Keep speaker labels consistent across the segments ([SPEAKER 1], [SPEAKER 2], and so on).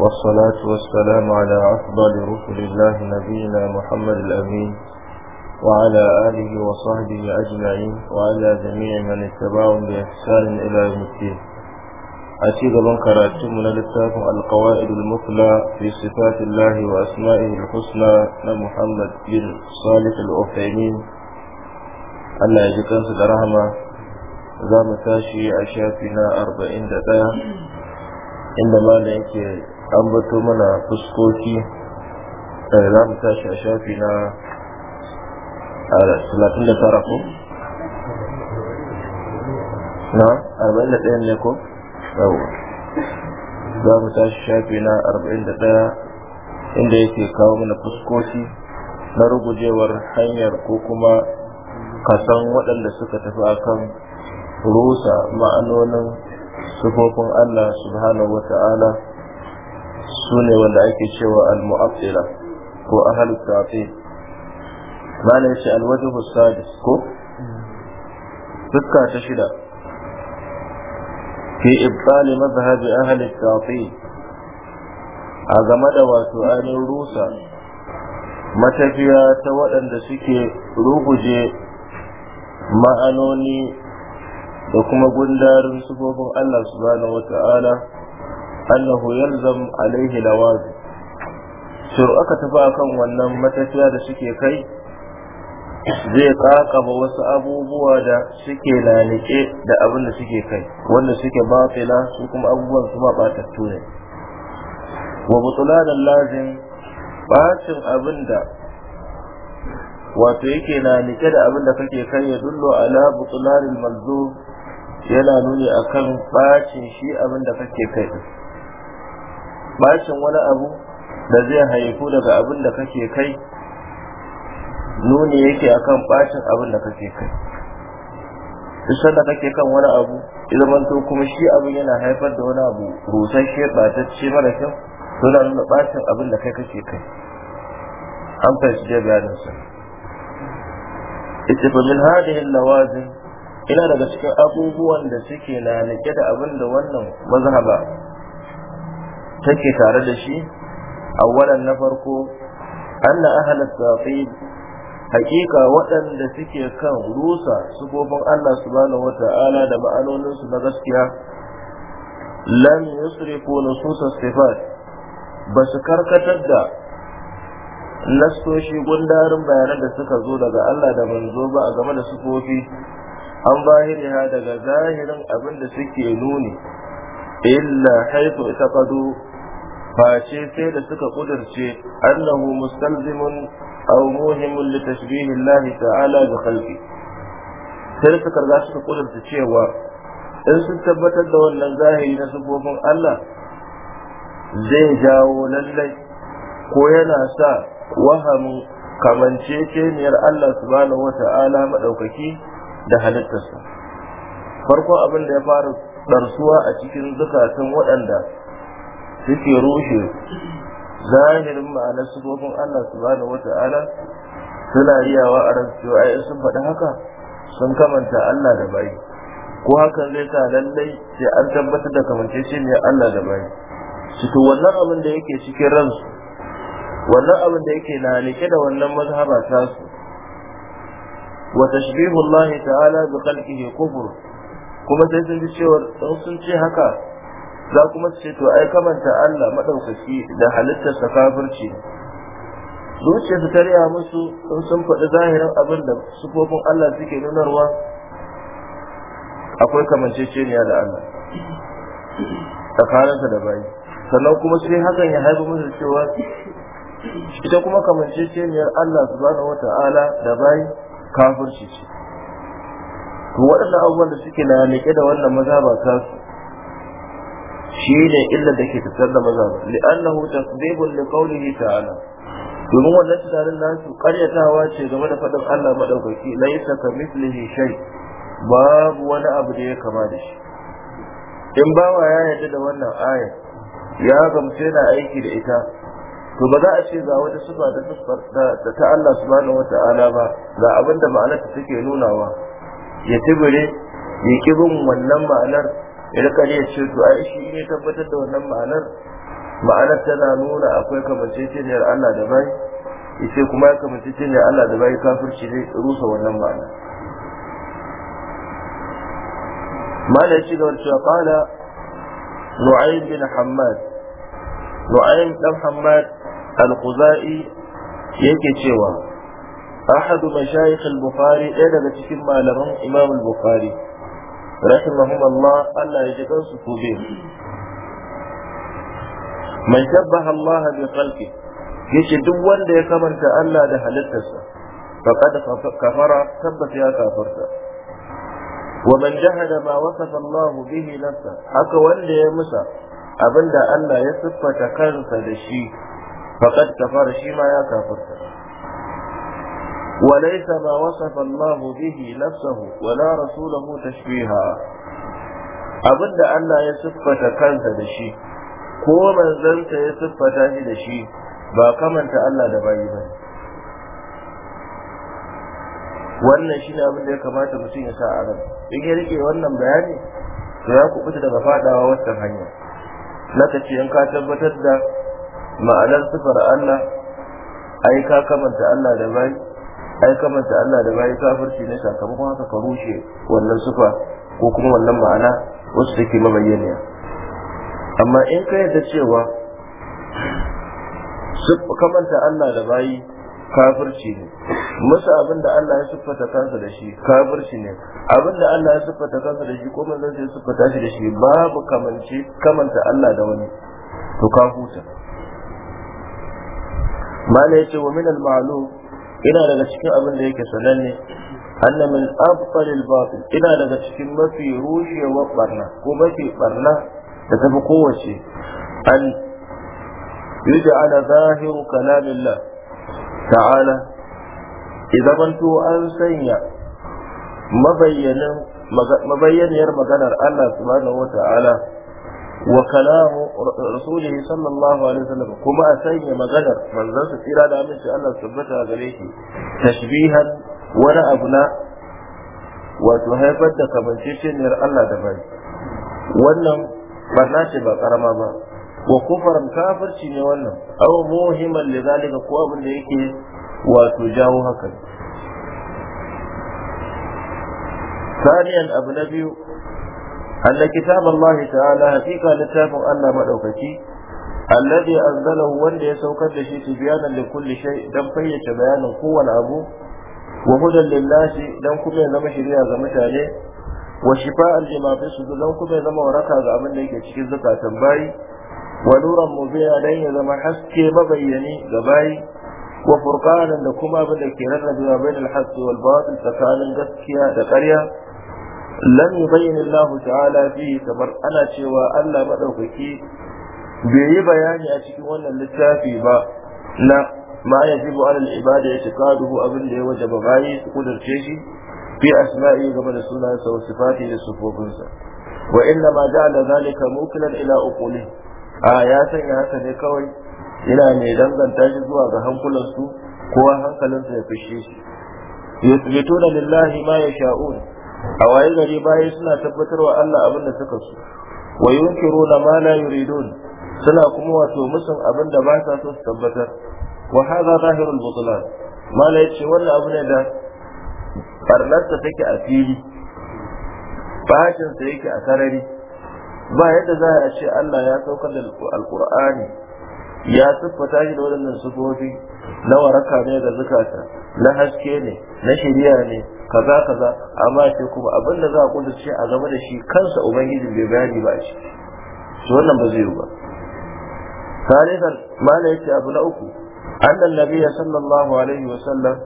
[SPEAKER 1] والصلاة والسلام على أفضل رسل الله نبينا محمد الأمين وعلى آله وصحبه أجمعين وعلى جميع من اتبعهم بإحسان إلى يوم الدين أتيد من كراتمنا للتاف القواعد المثلى في صفات الله وأسمائه الحسنى لمحمد بن صالح الأوفيمين ألا ya الرحمة زام تاشي rahama أربعين mu inda malam yake ambato mana fuskoki da eh, za mu tashi a shafi na talatin da tara ko na arba'in da ɗayan ne ko yawon za mu tashi shafi na arba'in da ɗaya inda yake kawo mana fuskoki na rugujewar hanyar ko kuma kasan waɗanda suka tafi akan rusa ma'anonin sufofin Allah subhanahu wa ta'ala su ne wanda ake cewa al-mu'abdila ko ahal tafi mana shi al-wajhu sadis ko fuska ta shida fi ibtali mazhab ahal tafi a game da wato ainihin rusa matafiya ta waɗanda suke ruguje ma'anoni da kuma gundarin sufofin Allah subhanahu wata'ala annahu yalzam alaihi lawazi shiru aka tafi akan wannan matafiya da suke kai zai kakaba wasu abubuwa da suke lalike da abin da suke kai wanda suke batila su kuma abubuwan su ma batattu ne wa butulanan lazim bacin abin da wato yake na nike da abin da kake kai ya dullo ala butulanin malzum yana nuni akan bacin shi abin da kake kai bacin wani abu da zai haifu daga abin da kake kai nuni yake akan bacin abin da kake kai duk da kake kan wani abu idan to kuma shi abin yana haifar da wani abu rusasshe batacce mara kyau to da nuna bacin abin da kai kake kai an fahimci da bayanin ita fa min hadihin lawazin ina daga cikin abubuwan da suke na nake da abin da wannan mazhaba take tare da shi awwalan na farko anna ahla saqib hakika waɗanda suke kan rusa su sufofin Allah subhanahu wata'ala da ma'anonin su na gaskiya lam yusrifu nusus sifat ba su karkatar da Nasoshi, gundarin bayanan da suka zo daga Allah da manzo ba a game da sufofi an ha daga zahirin abin da suke nuni illa haifu ita kado face sai da suka kudurce annahu mustalzimun aw muhimun li tashbihi Allah ta'ala bi khalqi sai suka riga suka kudurce cewa in sun tabbatar da wannan zahiri na sifofin Allah zai jawo lallai ko yana sa wahamin kamance kamanceceniyar Allah subhanahu wa ta'ala maɗaukaki? da halittarsa farko abin da ya fara ɗarsuwa a cikin zukatan waɗanda suke rushe zahirin ma'anar sufofin Allah da wata'ala suna riyawa a ransu cewa ai sun faɗi haka sun kamanta Allah da bayi ko hakan zai sa lallai sai an tabbatar da kamance shi ne Allah da bayi cikin wannan abin da yake cikin ransu wannan abin da yake na da wannan mazhaba tasu su وتشبيه الله تعالى ta'ala bi كما kufr kuma sai sun هكا لا sun ce haka za kuma su ce to ai kamanta Allah maɗaukaci da halittar sa kafirci zuciyarsu ta riya musu sun sun faɗi zahirin abin da sufofin Allah suke nunarwa akwai kamanceceniya Allah tsakaninsa da sannan kuma sai hakan ya haifa musu cewa ita kuma kamanceceniyar Allah subhanahu wata'ala da bai. kafirci ce to waɗannan abubuwan da suke na liƙe da wannan maza ba ta su shi ne illa da ke da maza ba li'annahu li qawlihi ta'ala domin wannan tunanin nasu karyatawa ce game da faɗin Allah madaukaki laisa ka mislihi shay babu wani abu da ya kama da shi in bawa ya yarda da wannan aya ya gamsu yana aiki da ita to ba za a ce ga wata sifa da siffar da ta Allah subhanahu wata'ala ba ga abinda ma'anar ta take nunawa ya tibire ya ki bin wannan ma'anar ya rika ne ce to ai shi ne tabbatar da wannan ma'anar ma'anar tana nuna akwai kamanceceniyar Allah da bai yace kuma ya kamanceceniyar Allah da bai kafirci ne rusa wannan ma'anar. mala ya ci gaba cewa qala nu'aym bin hammad nu'aym dan hammad al yake cewa ahadu mashayikh al-bukhari ɗaya daga cikin malaman imam al-bukhari rahimahumullah Allah ya ji su kobe man shabbaha Allah bi khalqi yace duk wanda ya kamanta Allah da halittarsa faqad kafara tabbata ya kafarta wa jahada ma wasafa Allah bihi haka wanda ya musa abinda Allah ya siffata kansa da shi faqad kafara shi ma ya kafarta وليس ما وصف الله به نفسه ولا رسوله تشبيها abinda Allah ya siffata kansa da shi ko manzansa ya siffata shi da shi ba kamanta Allah da bayi ba wannan shine abin da ya kamata mutum ya sa a ran in ya rike wannan bayani to ya fita daga fadawa wata hanya na ce in ka tabbatar da ma'anar sifar Allah ai ka kamanta Allah da bai ai kamanta Allah da bai kafirci ne sakamakon haka ka rushe wannan sifa ko kuma wannan ma'ana wasu take mabayyaniya amma in ka yadda cewa kamanta Allah da bai kafirci ne musu abin da Allah ya siffata kansa da shi kafirci ne abin da Allah ya siffata kansa da shi ko manzon ya siffata shi da shi babu kamance kamanta Allah da wani to ka huta Mana ya ce wa min al ma'lum ina daga cikin abin da yake sananne anna min afqal al batil ina daga cikin mafi rushewa barna ko mafi barna da tafi kowace an yuj'al zahiru kalamillah ta'ala idan manto an sanya mabayyanin mabayyaniyar maganar Allah subhanahu wa ta'ala wa kalamu rasulihi sallallahu alaihi wasallam kuma a sanya maganar manzon sa tsira da aminci Allah tabbata gare shi tashbihan wani abu na wato haifar da kamanceceniyar Allah da bai wannan barna ce ba karama ba wa kufarin kafirci ne wannan aw muhimman lidhalika ko abin da yake wato jawo haka ثانيا na biyu. أن كتاب الله تعالى حقيقة لتاب أن مدوكتي الذي أنزله وندي سوكد شيء تبيانا لكل شيء دم فيش بيانا قوة أبو وهدى للناس دم كما يزم شريعة زمت عليه وشفاء لما في الصدور دم كما يزم ورقا زعمل لك شكل زكاة باي ونورا مبيعا عليه زم حسكي مبيني زباي وفرقانا لكما بلك رغب بين الحق والباطل فكان قسكيا دقريا lam yubayyin Allah ta'ala fi kamar ana cewa Allah madaukaki bai yi bayani a cikin wannan littafi ba na ma yajibu ala al-ibada yataqaduhu abin da ya wajaba bayi su kudurce shi fi asma'i game da suna wa sifati da sa wa inna ma ja'ala zalika mukilan ila uquli a ya sanya haka ne kawai yana mai danganta shi zuwa ga hankulansu ko hankalinsa ya fishe shi yatuna lillahi ma yasha'un a waye gari baya suna tabbatarwa Allah abin da suka so wa na ma la yuridun suna kuma wato musun abin da ba sa so su tabbatar wa hadha zahirul butlan la yace wannan abu ne da barnarsa take a fili bashinsa yake a sarari ba yadda za a ce Allah ya saukar da alqur'ani ya siffata shi da waɗannan sifofi na waraka ne da zukata na haske ne na shirya ne kaza kaza amma sai kuma abin da za a kudurce a game da shi kansa ubangiji bai bayani ba shi to wannan ba zai yi ba salisan mala yace abu na uku annan nabiyya sallallahu alaihi wa sallam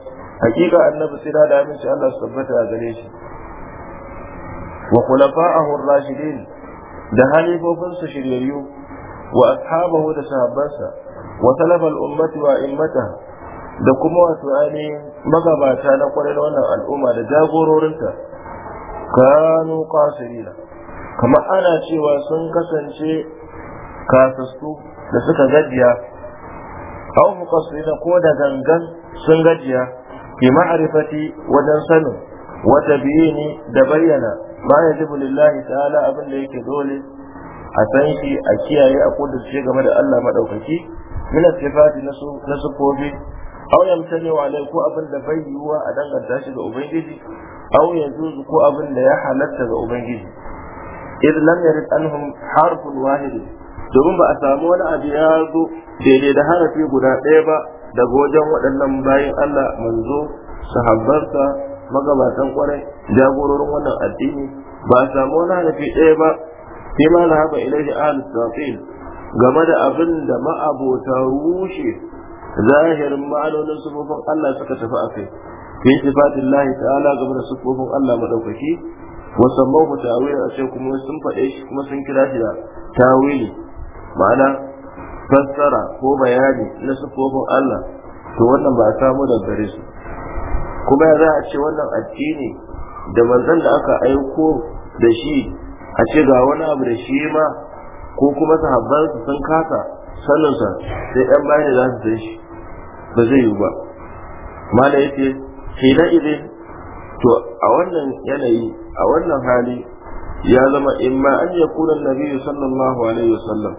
[SPEAKER 1] hakika annabi sai da aminci Allah su tabbata a gare shi wa khulafa'ahu ar-rashidin da halifofinsa shiryayyu wa ashabahu da sahabbansa wa salafal ummati wa mata. da kuma wasu ainihin magabata na da wannan al'umma da jagororinta kanu kasirina kama ana cewa sun kasance kasassu da suka gajiya aw muqassirina ko da gangan sun gajiya ke ma'arifati wajen sanin wata biyu ne da bayyana ma yajibu lillahi ta'ala abin da yake dole
[SPEAKER 2] a san shi
[SPEAKER 1] a kiyaye a kudurce game da Allah maɗaukaki min sifati na sufofi aw yamtani wa alai ko abin da bai yiwuwa a danganta shi ga ubangiji aw yajuzu ko abin da ya halatta ga ubangiji idh lam yarid anhum harfun wahid domin ba a samu wani abu ya zo daidai da harafi guda ɗaya ba daga wajen waɗannan bayan Allah manzo sahabarsa, magabatan kwarai jagororin wannan addini ba a samu wani harafi ɗaya ba sai ma na haɓa ilaihi game da abin da ma'abota rushe zahirin ma'anonin sufofin Allah suka tafi a kai fi sifatin Allah ta'ala game da sufofin Allah madaukaki wa sammahu ta'wil a ce kuma sun faɗe shi kuma sun kira shi da tawili ma'ana fassara ko bayani na sufofin Allah to wannan ba a samu da gare su kuma ya za a ce wannan addini da manzon da aka aiko da shi a ce ga wani abu da shi ma ko kuma sahabbansu sun kasa saninsa sai 'yan bayani da za su shi ba zai yi ba mala yace hina idin to a wannan yanayi a wannan hali ya zama ma an ya kuna nabi sallallahu alaihi wasallam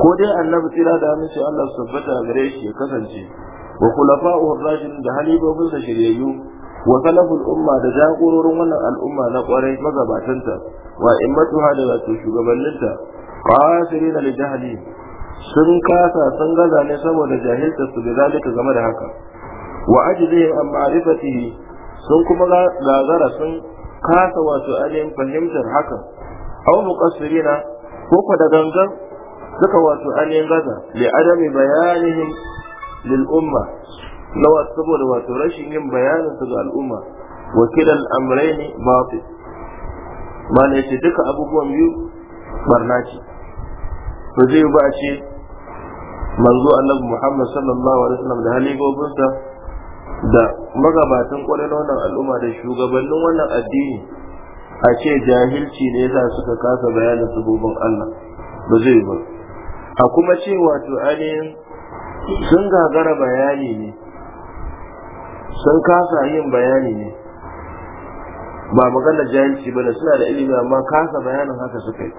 [SPEAKER 1] ko dai annabi tsira da hannun Allah su tabbata gare shi ya kasance wa khulafa'u ar-rashidin da halibobin sa shiryayyu wa salaful umma da jagororin wannan al'umma na kwarai magabatanta wa matuha da wato shugabanninta qasirina li jahli sun kasa sun gaza ne saboda jahilta su zalika game da haka wa ajlihim an ma'rifatihi sun kuma gazara sun kasa wato alin fahimtar haka aw muqassirina ko ko da gangan suka wato alin gaza li adami bayanihim lil umma lawa saboda wato rashin yin bayanin su ga al'umma wa kidan amrayni batil ma ne duka abubuwan biyu barna ba zai ba a ce manzo annabi muhammad sallallahu alaihi wasallam da hali halibobinsa da magabatan kwarai na wannan al'umma da shugabannin wannan addini a ce jahilci ne yasa suka kasa bayanin sabobin allah ba zai ba a kuma ce wato ainihin sun gagara bayani ne sun kasa yin bayani ne ba maganar jahilci ba da suna da ilimi amma kasa bayanin haka suka yi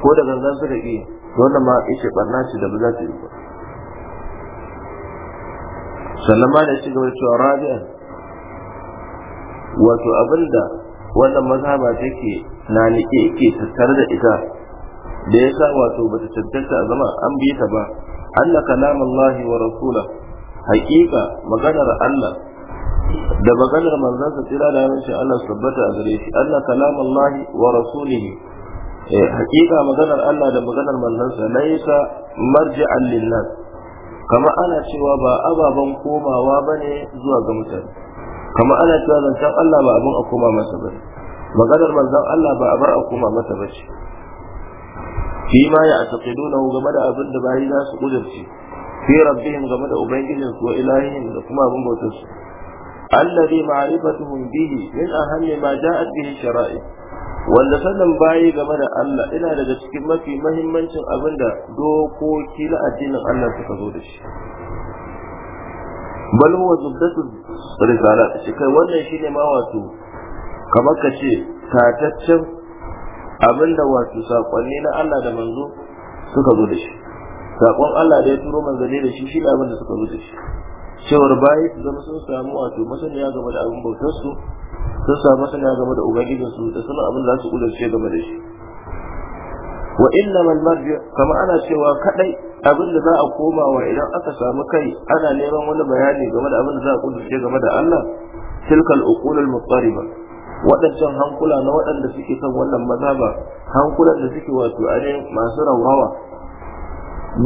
[SPEAKER 1] ko da gangan suka yi to wannan ma yace barna ce da ba za yi ba sannan ma da shi gaba cewa rabi'an wato abinda wannan mazhaba take na nike ke tattare da ita da ya sa wato bata cancanta a zama an bi ta ba Allah anna kalamallahi wa rasula Hakika, maganar Allah da maganar manzansa tsira da yawancin Allah sabbata a gare shi Allah anna kalamallahi wa rasulihi Eh, hakika maganar Allah da maganar manzansa laisa marji'an linnas kama ana cewa ba ababen komawa bane zuwa ga mutane kama ana cewa zancen Allah ba abin a koma masa bane maganar manzon Allah ba a bar a koma masa bace shi ma ya ataqiduna game da abin da bayi za su kudurci fi rabbihim game da ubangijin wa ilahihim da kuma abin bautar su alladhi ma'rifatuhum bihi min ahammi ma ja'at bihi shara'i' wanda sannan bayi game da Allah ina daga cikin mafi mahimmancin abin da dokoki na addinin Allah suka zo da shi bal huwa zubdatu
[SPEAKER 2] risala shi kai wannan
[SPEAKER 1] shine ma wato kamar ka ce tataccen abin da wato sakonni na Allah da manzo suka zo da shi sakon Allah da ya turo manzanni da shi shine abin da suka zo da shi cewar bayi su zama sun samu wato masaniya game da abin bautar su sun samu sana game da su da sanin abin da za su kudurce game da shi wa inna man marji kama ana cewa kadai abin da za a koma wa idan aka samu kai ana neman wani bayani game da abin da za a kudurce game da Allah tilkal al muqtariba wadannan hankula na waɗanda suke kan wannan mazhaba hankulan da suke wato ne masu rawawa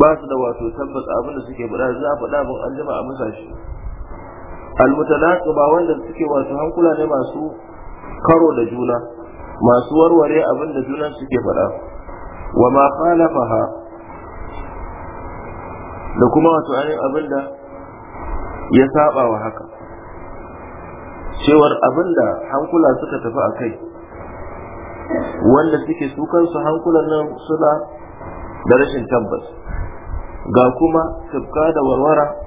[SPEAKER 1] ba su da wato tabbata abin da suke faɗa za a faɗa abin an jima a musashi ba wanda suke masu hankula ne masu karo da juna masu warware abin da junan suke faɗa wa ma khalafaha da kuma wato ainihin abin da ya saba wa haka cewar abin da hankula suka tafi a kai wanda suke su kansu hankulan nan suna da rashin tabbas ga kuma tufka da warwara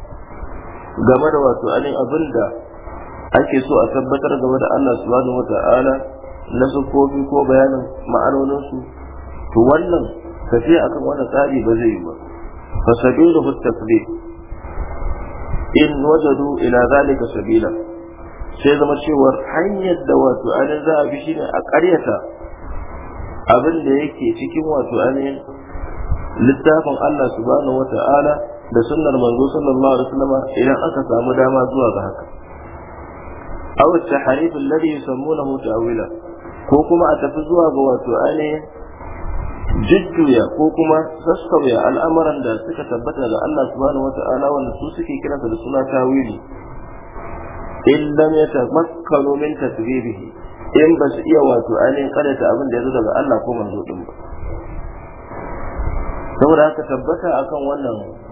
[SPEAKER 1] game da wato anin abin da ake so a tabbatar game da Allah subhanahu wata'ala na sufofi ko bayanin ma'anoninsu to wannan tafiya akan wani tsari ba zai yi ba fa sabilu tasbih in wajadu ila zalika sabila sai zama cewar hanyar da wato anin za a bi shine a ƙaryata abin da yake cikin wato anin littafin Allah subhanahu da sunnar manzo sallallahu alaihi wasallam idan aka samu dama zuwa ga haka aw at-tahrif alladhi yusammunahu ta'wila ko kuma a tafi zuwa ga wato ane jujjuya ko kuma sassauya al'amuran da suka tabbata da Allah subhanahu wata'ala wanda su suke kiransa da suna tawili in lam yatamakkanu min tasbibihi in ba su iya wato ainihin karanta abin da ya zo daga Allah ko manzo din ba saboda haka tabbata akan wannan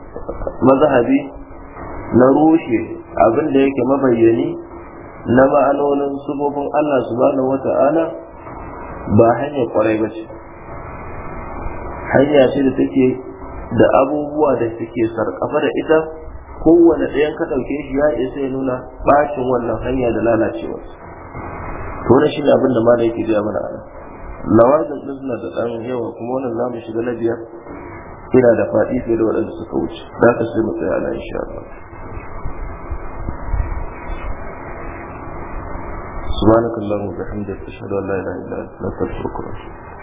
[SPEAKER 1] mazhabi na rushe abin da yake mabayyani na ma'anonin sufofin Allah subhanahu wata'ala ba hanyar kwarai ba ce hanya ce da take da abubuwa da suke sarkafa da ita kowane ɗayan ka shi ya isa ya nuna ɓacin wannan hanya da lalacewa to da shi ne abin da da yake gaya mana ana lawar da ɗin da ɗan yawa kuma wannan za shiga na biyar yana da faɗi fiye da waɗanda suka wuce za ka sai mu tsaya sha insha Allah سبحانك اللهم وبحمدك اشهد ان لا اله الا انت نستغفرك ونتوب